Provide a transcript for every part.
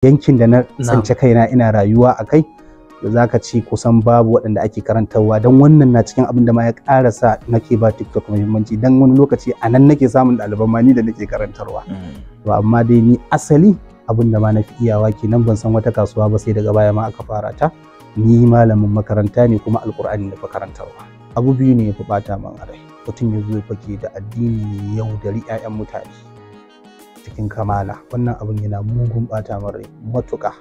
yankin da na tsance kaina ina rayuwa a kai da ka ci kusan babu waɗanda ake karantarwa don wannan na cikin abin da ma ya ƙara sa nake ba TikTok muhimmanci don wani lokaci a nan nake samun ɗaliban ma ni da nake karantarwa mm. to amma dai ni asali abin da ma na fi iyawa kenan ban san wata kasuwa ba sai daga baya ma aka fara ta ni malamin makaranta ne kuma alƙur'ani na fi karantarwa abu biyu ne ya fi bata man a rai mutum ya zo ya fake da addini yau da 'ya'yan mutane cikin kamala wannan abin yana mugun bata mara rai matuƙa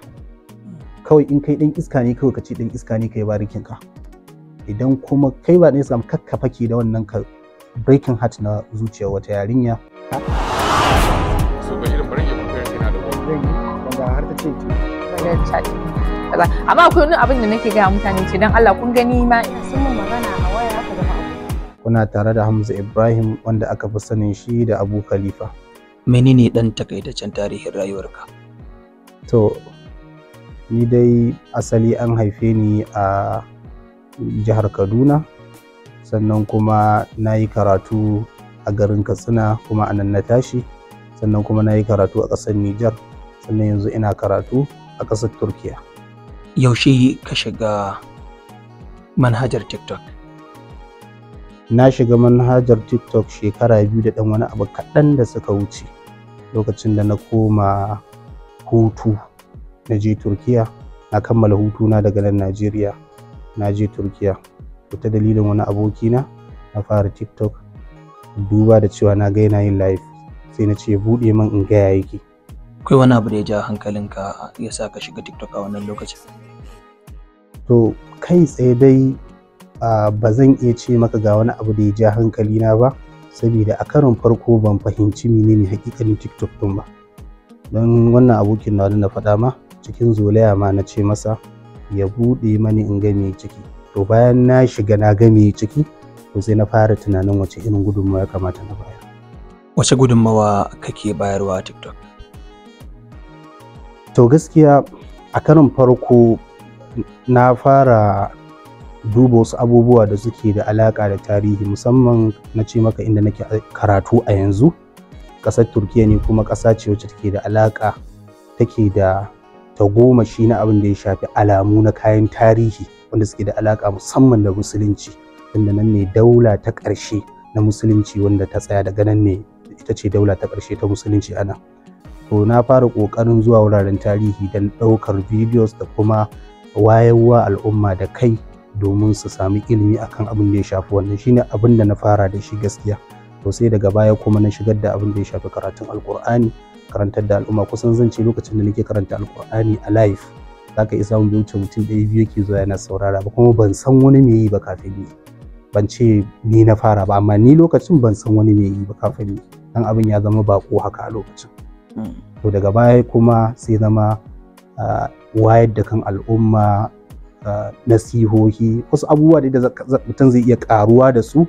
kawai in kai ɗan iska ne kawai ka ce ɗan iska ne kai barikin ka idan kuma kai ba ɗan iska kakka fake da wannan ka breaking heart na zuciyar wata yarinya amma akwai wani abin da nake gaya mutane ce don Allah kun gani ma ina sun mun magana a waya aka zama kuna tare da Hamza Ibrahim wanda aka fi sanin shi da Abu Khalifa menene dan takaitaccen tarihin rayuwarka to ni dai asali an haife ni a jihar kaduna sannan kuma na yi karatu a garin katsina kuma a nan na tashi sannan kuma na yi karatu a ƙasar nijar sannan yanzu ina karatu a ƙasar turkiya yaushe ka shiga manhajar tiktok na shiga manhajar tiktok shekara biyu da ɗan wani abu kaɗan da suka wuce lokacin da na koma hutu na je turkiya na kammala hutuna daga nan najeriya na je turkiya ta dalilin wani abokina na fara tiktok duba da cewa na ga yana yin live sai na ce buɗe man in gaya yake akwai wani abu da ya ja hankalinka ya sa ka shiga tiktok a wannan lokacin to kai tsaye dai ah, ba zan iya ce maka ga wani abu da ya ja hankalina ba saboda a karon farko ban fahimci menene hakikanin tiktok din ba don wannan abokin na na faɗa ma cikin zolaya ma na ce masa ya buɗe mani in ga ciki to bayan na shiga na ga ciki to sai na fara tunanin wace irin gudunmawa ya kamata na bayar wace gudunmawa kake bayarwa a tiktok to gaskiya a karon farko na fara duba wasu abubuwa da suke da alaƙa da tarihi musamman na ce maka inda nake karatu a yanzu ƙasar turkiya ne kuma ƙasa ce wacce take da alaƙa take da tagomashi na abin da ya shafi alamu na kayan tarihi wanda suke da alaƙa musamman da musulunci inda nan ne daula ta ƙarshe na musulunci wanda ta tsaya daga nan ne ita ce daula ta ƙarshe ta musulunci ana. to na fara ƙoƙarin zuwa wuraren tarihi don ɗaukar videos da kuma wayewa al'umma da kai domin su sami ilimi akan abin da ya shafi wannan shine abin da na fara da shi gaskiya to sai daga baya kuma na shigar da abin da ya shafi karatun alkur'ani karantar da al'umma kusan zan ce lokacin da nake karanta alkur'ani a live zaka isa mun wuce mutum ɗaya biyu yake zuwa yana saurara ba kuma ban san wani me yi ba kafin ni ban ce ni na fara ba amma ni lokacin ban san wani me yi ba kafin ni dan abin ya zama bako haka a lokacin hmm. to daga baya kuma sai zama ah, wayar da kan al'umma nasihohi wasu abubuwa da mutum zai iya karuwa da su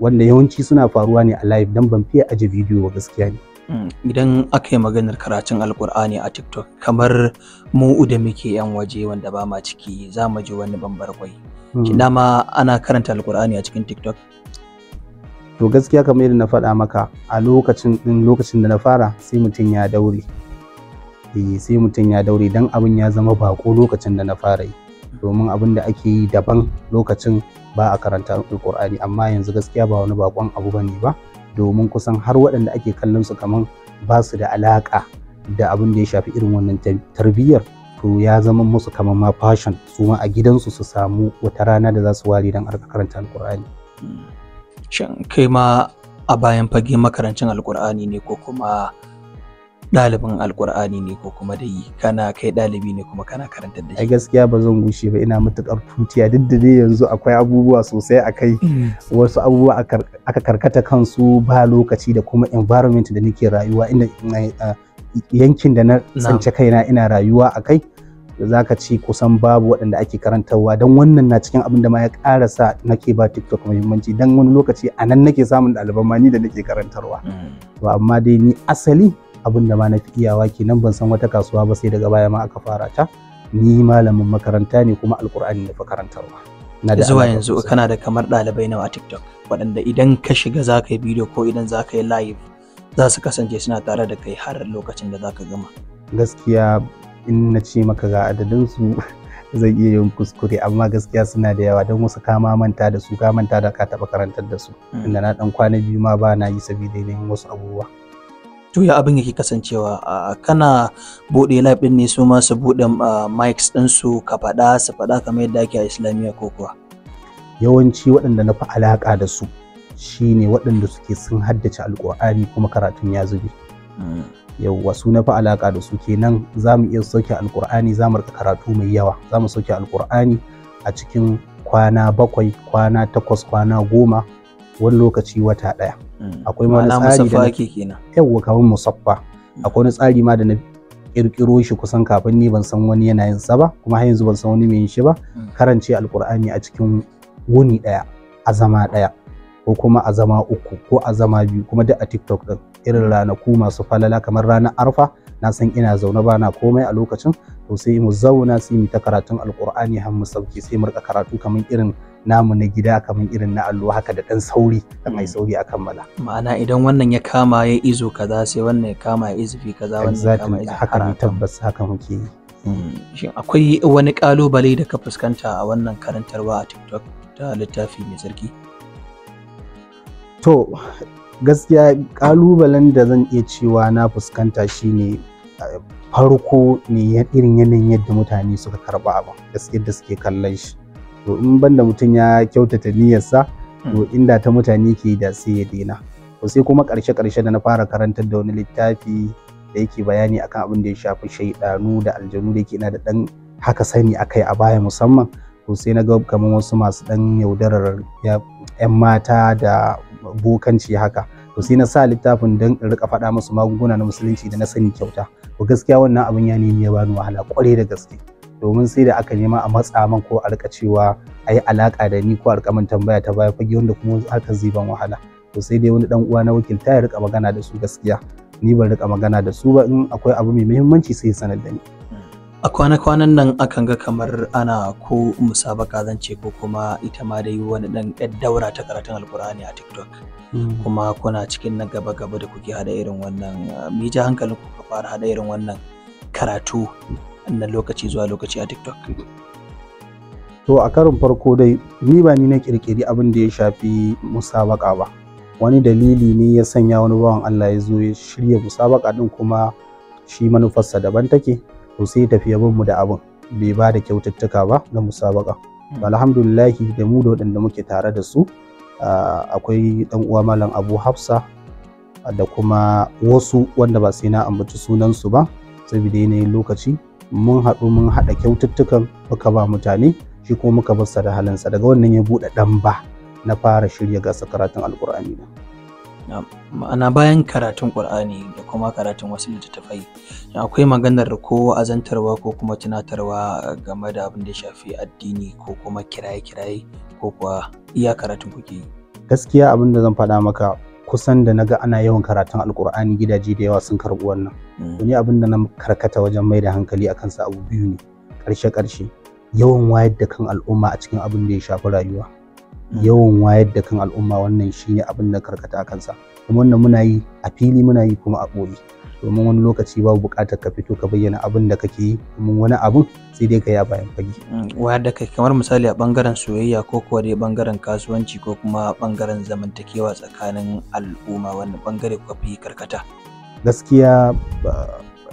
wanda yawanci suna faruwa ne a live dan ban fiye aje bidiyo gaskiya ne hmm, idan aka yi maganar karatun alkur'ani a tiktok kamar mu da muke yan waje wanda ba ma ciki za mu ji wani bambar kwai hmm. shi dama ana karanta alkur'ani a cikin tiktok to gaskiya kamar yadda na faɗa maka a lokacin din lokacin da na fara sai mutum ya daure eh, sai mutum ya daure dan abin ya zama bako lokacin da na fara yi domin abin da ake yi daban lokacin ba a karanta alkur'ani amma yanzu gaskiya ba wani bakon abu bane ba domin kusan har waɗanda ake kallon su kaman ba su da alaƙa da abin da ya shafi irin wannan tarbiyyar to ya zama musu kaman ma fashion su ma a gidansu su samu wata rana da za su ware don arka karanta alkur'ani shin kai ma a bayan fage makarancin alkur'ani ne ko kuma ɗalibin alkur'ani ne ko kuma da yi kana kai ɗalibi ne kuma kana karantar da shi. A gaskiya ba zan gushe ba ina matuƙar tutiya duk da dai yanzu akwai abubuwa sosai a kai mm. wasu abubuwa aka karkata kansu ba lokaci da kuma environment da nake rayuwa inda eh, eh, yankin da na kai kaina ina rayuwa a kai za ka ci kusan babu waɗanda ake karantarwa don wannan na cikin abin da ma ya ƙara sa nake ba tiktok muhimmanci don wani lokaci a nan nake samun ɗaliban ma ni da nake karantarwa mm. to amma dai ni asali abin da ma na fi iyawa kenan ban san wata kasuwa ba sai daga baya ma aka fara ta ni malamin makaranta ne kuma alkur'ani na fi karantarwa zuwa yanzu kana da kamar ɗalibai nawa a tiktok waɗanda idan ka shiga za ka yi bidiyo ko idan za ka yi live za su kasance suna tare da kai har lokacin da za ka gama gaskiya in na ce maka ga su zai iya yin kuskure amma gaskiya suna da yawa don wasu kama manta da su ka manta da ka taɓa karantar da su hmm. inda na ɗan kwana biyu ma ba na yi sabida yanayin wasu abubuwa to ya abin yake kasancewa kana bude live din ne su ma su bude mics din su ka faɗa su faɗa kamar yadda ake a islamiyya ko kuwa yawanci waɗanda na fi dasu da su shine waɗanda suke sun haddace alƙur'ani kuma karatun ya zube mm. yawwa su na fi alaka da su kenan za iya sauke alƙur'ani zamu rika karatu mai yawa Zamu mu sauke alƙur'ani a cikin kwana bakwai kwana takwas kwana goma wani lokaci wata ɗaya mm. akwai ma wani tsari da yawwa kamar musaffa mm. akwai wani tsari ma da na kirkiro shi kusan kafin ni ban san wani yana yin sa ba kuma har yanzu ban san wani mai yin shi ba mm. karance alkur'ani a cikin wuni ɗaya a zama ɗaya ko kuma a zama uku ko a zama biyu kuma duk a tiktok din irin ranaku masu falala kamar ranar arfa na san ina zaune bana komai a lokacin to sai mu zauna sai mu ta karatun alkur'ani har mu sauke sai mu rika karatu kamar irin namu na gida kamar irin na allo haka da dan sauri dan ai mm. sauri a kammala ma'ana idan wannan ya kama ya izo kaza sai wannan ya kama ya fi kaza wannan ya kama ya haka tabbas haka muke mm. shin akwai wani kalubale da ka fuskanta a wannan karantarwa a TikTok ta littafi mai sarki to gaskiya kalubalen da zan iya cewa na fuskanta shine farko ne irin yanayin yadda mutane suka karba abin gaskiya da suke kallon shi to in banda mutum ya kyautata niyyarsa to hmm. inda ta mutane ke da sai ya daina to sai kuma karshe karshe da na fara karantar da wani littafi da yake bayani akan abin da ya shafi shaidanu da aljanu da yake ina da dan haka sani akai a baya musamman to sai na ga kamar wasu masu dan yaudarar yan mata da bokanci haka to sai na sa littafin don in rika faɗa musu magunguna na musulunci da na sani kyauta to gaskiya wannan abin ya nemi ya bani wahala kwarai da gaske domin sai da aka nema a matsa man ko a rika cewa a yi alaƙa da ni ko a rika min tambaya ta baya fage wanda kuma hakan ziban wahala to sai dai wani dan uwa na wakilta ya rika magana da su gaskiya ni ban rika magana da su ba in akwai abu mai muhimmanci sai sanar da ni a kwana-kwanan nan akan ga kamar ana ko musabaka zan ce ko kuma ita ma dai wani dan daura ta karatun alkur'ani a tiktok hmm. kuma kuna cikin na gaba-gaba da kuke hada irin wannan mija hankalin ku ka fara hada irin wannan karatu Wannan lokaci zuwa lokaci a TikTok? To a karin farko dai ni ba ni na kirkiri abin da ya shafi musabaka ba. Wani dalili ne ya sanya wani bawan Allah ya zo ya shirya musabaka din kuma shi manufarsa daban take to sai tafi bin mu da abin bai ba da kyaututtuka ba na musabaka. Hmm. Alhamdulillahi da mu da waɗanda muke tare da su akwai ɗan uwa malam Abu Hafsa da kuma wasu wanda ba sai na ambaci sunansu ba saboda yanayin lokaci mun haɗu mun haɗa kyaututtukan muka ba mutane shi kuma muka bar sa da halinsa daga wannan ya buɗe ɗan ba na fara shirya gasa karatun alkur'ani na ma'ana bayan karatun Al-ƙur'ani da kuma karatun wasu littattafai akwai maganar ko azantarwa ko kuma tunatarwa game da abin da shafi addini ko kuma kiraye-kiraye ko kuwa iya karatun kuke yi gaskiya abin da zan faɗa maka kusan da naga ana yawan karatun alkur'ani gidaje da yawa sun karɓi wannan wani mm. abin da na karkata wajen mai da hankali a kansa abu biyu ne ƙarshe ƙarshe yawan wayar da kan al'umma a cikin abin da ya shafi rayuwa mm. yawan wayar da kan al'umma wannan shine abin da karkata a kansa kuma wannan muna yi a fili muna yi kuma a ɓoye domin wani lokaci babu buƙatar ka fito ka bayyana abin da kake yi domin wani abu sai dai ka ya bayan fage. Mm, wayar da kai kamar misali a bangaren soyayya ko kuwa dai bangaren kasuwanci ko kuma bangaren zamantakewa tsakanin al'umma wani bangare kuka fi karkata. gaskiya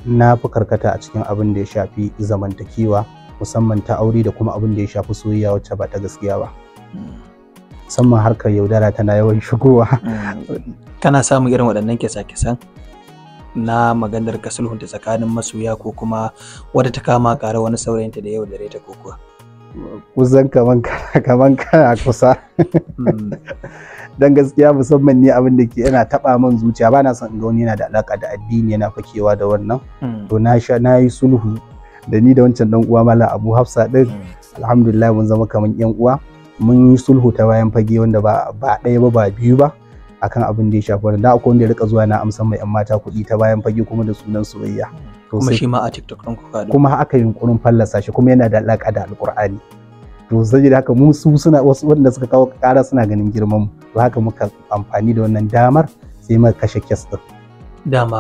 na fi karkata a cikin abin da ya shafi zamantakewa musamman ta aure da kuma abin da ya shafi soyayya wacce ba ta gaskiya ba. Mm. musamman harkar yaudara tana yawan shigowa. Mm. kana samun irin waɗannan kisa-kisan? na maganar ka sulhunta tsakanin masoya ko kuma wadda ta kama ƙara wani saurayinta da yau da ta ko kuwa kusan kaman kaman kana kusa hmm. dan gaskiya musamman ne abin da ke yana taba man zuciya bana son ga wani yana da alaka da addini yana fakewa da wannan hmm. to na sha na yi sulhu da ni da wancan dan uwa mallam Abu Hafsa din hmm. alhamdulillah mun zama kaman ƴan uwa mun yi sulhu ta bayan fage wanda ba ba ɗaya ba ba biyu ba akan abin da ya shafi wannan dan akwai wanda ya rika zuwa na amsa mai yan mata kuɗi ta bayan fage kuma da sunan soyayya kuma shi ma a TikTok ɗin kuka kuma aka yunkurin fallasa shi kuma yana da alaƙa da Alƙur'ani to saboda haka mu su suna wasu wanda suka kawo ƙara suna ganin girman mu to haka muka amfani da wannan damar sai muka kashe kes ɗin dama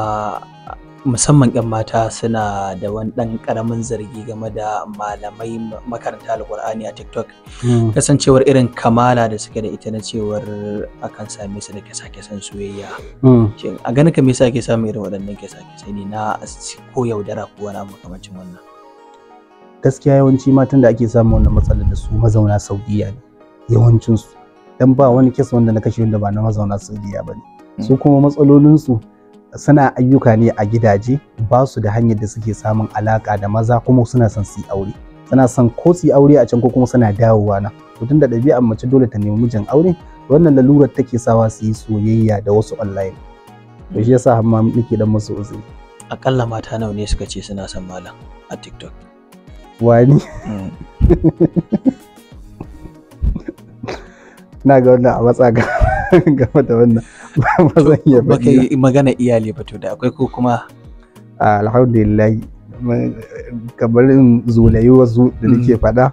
musamman 'yan mata suna da wani ɗan ƙaramin zargi game da malamai makaranta alkur'ani a tiktok hmm. kasancewar irin kamala da suke da ita na cewar akan same su da kyasa-kyasan soyayya hmm. a ganin ka me yasa ake samun irin waɗannan kyasa-kyasai ne na ko yaudara ko wani makamancin wannan gaskiya yawanci matan da ake samun wannan matsalar da su mazauna saudiya ne yawancinsu dan ba wani kes wanda na kashe wanda ba na mazauna saudiya ba ne hmm. su kuma matsalolinsu suna ayyuka ne a gidaje ba su da hanyar da suke samun alaka da maza kuma suna son su aure suna son ko su aure a can ko kuma suna dawowa na to da ɗabi'ar mace dole ta nemi mijin aure wannan lalurar take sawa su yi soyayya da wasu online to shi yasa amma nake dan musu uzuri akalla mata nawa ne suka ce suna son malam a TikTok wani hmm. na ga wannan a matsaga game da wannan ba zan iya ba kai magana iyali ba to da akwai ko kuma alhamdulillah kamar zolayi wasu da mm. nake faɗa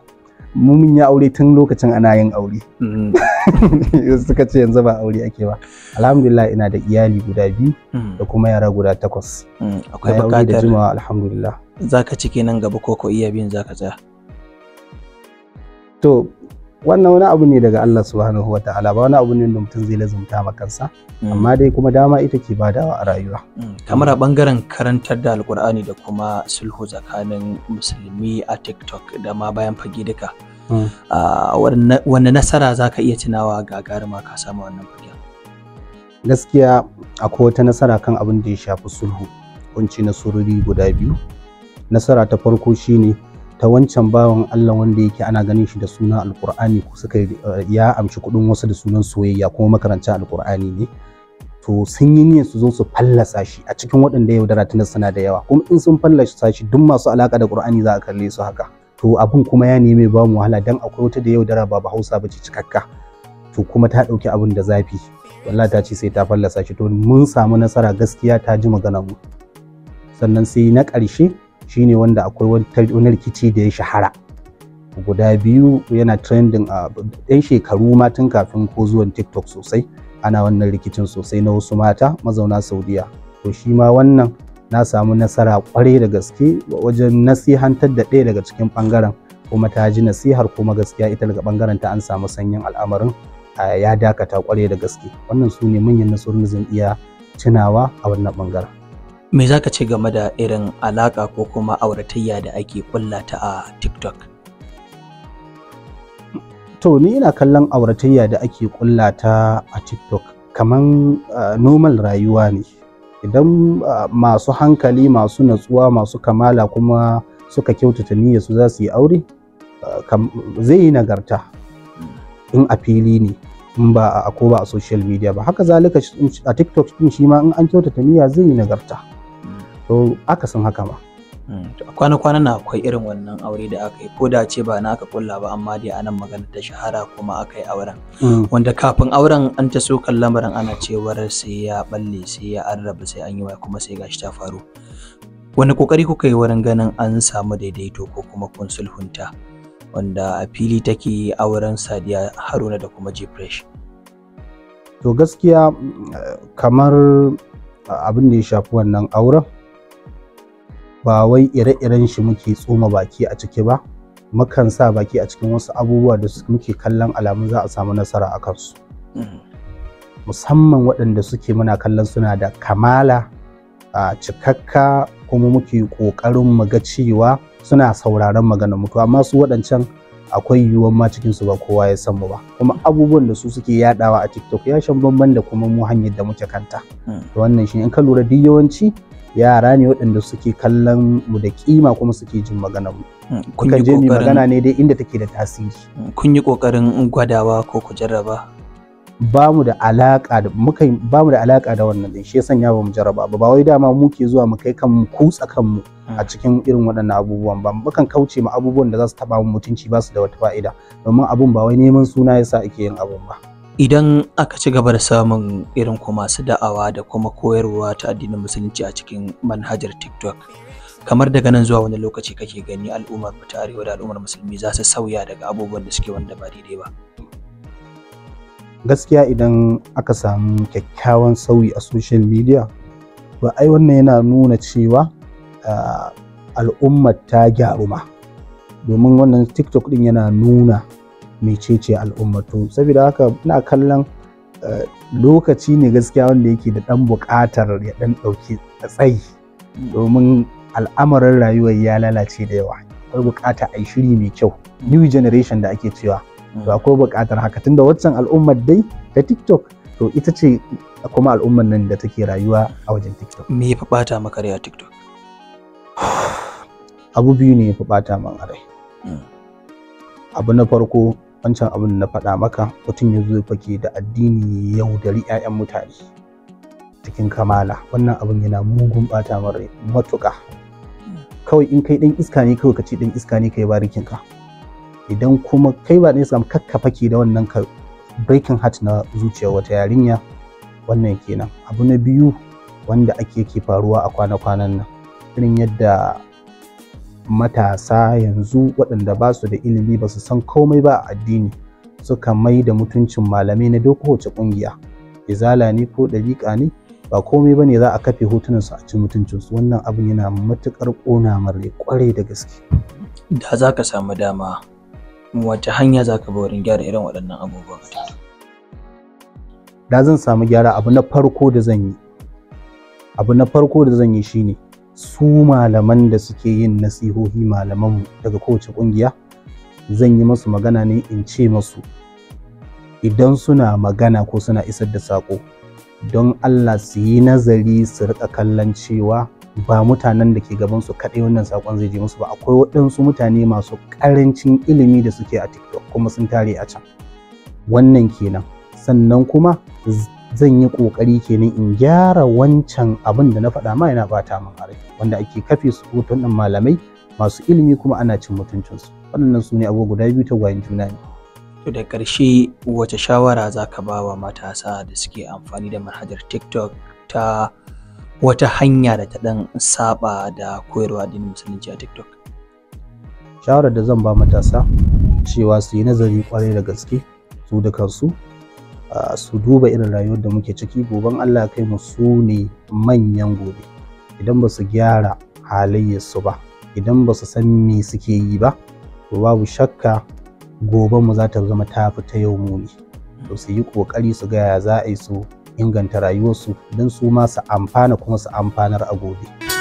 mun ya aure tun lokacin ana yin aure mm. suka ce yanzu ba aure ake ba alhamdulillah ina da iyali guda biyu mm. da kuma yara guda takwas akwai bukatar da jimawa alhamdulillah zaka cike nan gaba ko ko iya biyun zaka tsaya to wannan wani abu ne daga Allah subhanahu wa ta'ala ba wani abu ne da mutum zai lazumta ma kansa mm. amma dai kuma dama ita ke badawa a rayuwa mm. kamar a bangaren karantar da alkur'ani da kuma sulhu tsakanin musulmi a tiktok da ma bayan fage duka mm. wani nasara za ka iya tunawa ma ka samu wannan fage gaskiya akwai wata nasara kan abin da ya shafi sulhu kunci sururi guda biyu nasara ta farko shine ne ta wancan bawan Allah wanda yake ana ganin shi da suna alkur'ani ko suka eh, ya amshi kudin wasu da sunan soyayya kuma makaranta alkur'ani ne to sun yi niyyar su zo su fallasa shi a cikin waɗanda yaudara tunan suna da yawa kuma in sun fallasa shi duk masu alaka da qur'ani za a kalle su haka to abun kuma ya neme ba mu wahala dan akwai wata da yaudara babu Hausa ba ce cikakka to kuma ta ɗauki abun da zafi wallahi ta ce sai ta fallasa shi to mun samu nasara gaskiya ta ji magana mu sannan sai na ƙarshe shine wanda akwai wani rikici da ya shahara guda biyu yana trending a ɗan shekaru ma tun kafin ko zuwan tiktok sosai ana wannan rikicin sosai na wasu mata mazauna saudiya to shi ma wannan na samu nasara kwarai da gaske wajen nasihantar da ɗaya daga cikin ɓangaren kuma ta ji nasihar kuma gaskiya ita daga ɓangaren ta an samu sanyin al'amarin ya dakata kwarai da gaske wannan su ne manyan nasarorin zan iya tunawa a wannan ɓangaren me za ka ce game da irin alaƙa ko kuma auratayya da ake ta a tiktok to ni ina kallon auratayya da ake ta a tiktok kaman normal rayuwa ne idan masu hankali masu natsuwa masu kamala kuma suka kyautata niyya su za su yi aure zai yi nagarta in a fili ne in ba a ko ba a social media ba haka zalika a tiktok din shi ma in an kyautata niyya zai yi nagarta ko akasin haka ma hmm. kwana-kwanan na akwai irin wannan aure da aka yi ko da ce ba na aka kulla ba amma dai anan magana ta shahara kuma aka yi auren hmm. wanda kafin auren an ta so kan lamarin ana cewar sai ya balle sai ya arraba sai an yi waya kuma sai gashi ta faru wani kokari kuka yi wurin ganin an samu daidaito ko kuma kun sulhunta wanda a fili take auren sadiya haruna da kuma jifresh to gaskiya mm, eh, kamar abin da ya shafi wannan auren ba wai ire-iren shi muke tsoma baki a ciki ba mukan sa baki a cikin wasu abubuwa da muke kallon alamu za a samu nasara a kansu mm. musamman waɗanda suke muna kallon suna da kamala a cikakka kuma muke ƙoƙarin mu ga cewa suna sauraron maganar mutu amma su waɗancan akwai yiwuwar ma cikin su ba kowa ya san mu ba kuma abubuwan da su suke yadawa a TikTok ya shan bamban da kuma mu hanyar da muke kanta mm. wannan shi in ka lura duk yawanci yara ne waɗanda suke kallon mu da kima kuma suke jin maganar mu hmm, kukan je mu magana ne dai inda take da tasiri hmm, kun yi kokarin gwadawa ko ku jarraba ba mu da alaka da muka ba mu da alaka da wannan din shi sanya ba mu jarraba ba ba wai dama mu ke zuwa mu kai kan mu kutsa kan mu a hmm. cikin irin waɗannan abubuwan ba mukan kauce ma abubuwan da za su taba mu mutunci ba su da wata fa'ida domin abun ba wai neman suna yasa ake yin abun ba idan aka ci gaba da samun irin ku masu da'awa da kuma koyarwa ta addinin musulunci a cikin manhajar tiktok kamar daga nan zuwa wani lokaci kake gani al'ummar mu ta arewa da al'ummar musulmi za su sauya daga abubuwan da suke wanda ba daidai ba gaskiya idan aka samu kyakkyawan sauyi a social media ba ai wannan yana nuna cewa al'ummar ta gyaru ma domin wannan tiktok din yana nuna mecece al'ummatu saboda haka ina kallon eh, lokaci ne gaskiya wanda yake da ɗan buƙatar ya ɗan ɗauki tsayi domin al'amarin rayuwar ya lalace da yawa akwai buƙatar a yi shiri mai kyau new generation da ake cewa to akwai buƙatar haka tunda waccan al'ummar dai ta tiktok to ita ce kuma al'ummar nan da take rayuwa a wajen tiktok me ya fi bata maka rai a tiktok abu biyu ne ya fi bata man rai hmm. abu na farko wancan abin da na faɗa maka mutum ya zo fake da addini yau da 'ya'yan mutane cikin kamala wannan abin yana mugun bata mar matuƙa kawai in kai ɗan iska ne kawai ka ce ɗan iska ne kai barikin ka idan kuma kai ba ɗan iska kakka fake da wannan ka breaking heart na zuciya wata yarinya wannan kenan abu na biyu wanda ake ke faruwa a kwana-kwanan nan irin yadda matasa yanzu waɗanda ba su da ilimi ba su san komai ba a addini suka mai da mutuncin malamai na duk wace ƙungiya izala ne ko ɗariƙa ne ba komai ba ne za a kafe hotunansu a ci mutuncinsu wannan abin yana matuƙar ƙona mare ƙwarai da gaske da za ka samu dama wace hanya za ka wurin gyara irin waɗannan abubuwan da zan samu gyara abu na farko da zan yi abu na farko da zan yi shine su malaman da suke yin nasihohi malamanmu daga kowace ƙungiya zan yi masu magana ne in ce masu idan suna magana ko suna isar da saƙo don Allah su yi nazari su rika kallon cewa ba mutanen da ke gabansu kaɗai wannan saƙon zai je musu ba akwai waɗansu mutane masu ƙarancin ilimi da suke a tiktok kuma sun tare a can wannan kenan sannan kuma zan yi ƙoƙari kenan in gyara wancan abin da na faɗa ma yana bata min a wanda ake kafe su hoton ɗin malamai masu ilimi kuma ana cin mutuncinsu waɗannan su ne abubuwa guda biyu ta wayan juna ne. To da ƙarshe wace shawara za ka ba wa matasa da suke amfani da manhajar TikTok ta wata hanya da ta ɗan saɓa da koyarwa addinin musulunci a TikTok? Shawarar da zan ba matasa cewa su yi nazari kwarai da gaske su da kansu su duba irin rayuwar da muke ciki goben Allah kai mu su ne manyan gobe idan ba su gyara halayyarsu ba idan ba su san me suke yi ba to babu shakka gobe mu za ta zama ta fita yau muni to su yi kokari su ga ya za a yi su inganta rayuwarsu don su ma su amfana kuma su amfanar a gobe.